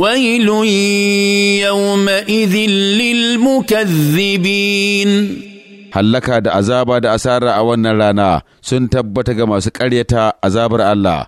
ويل يومئذ للمكذبين hallaka da azaba da asara a wannan rana sun tabbata ga masu ƙaryata azabar Allah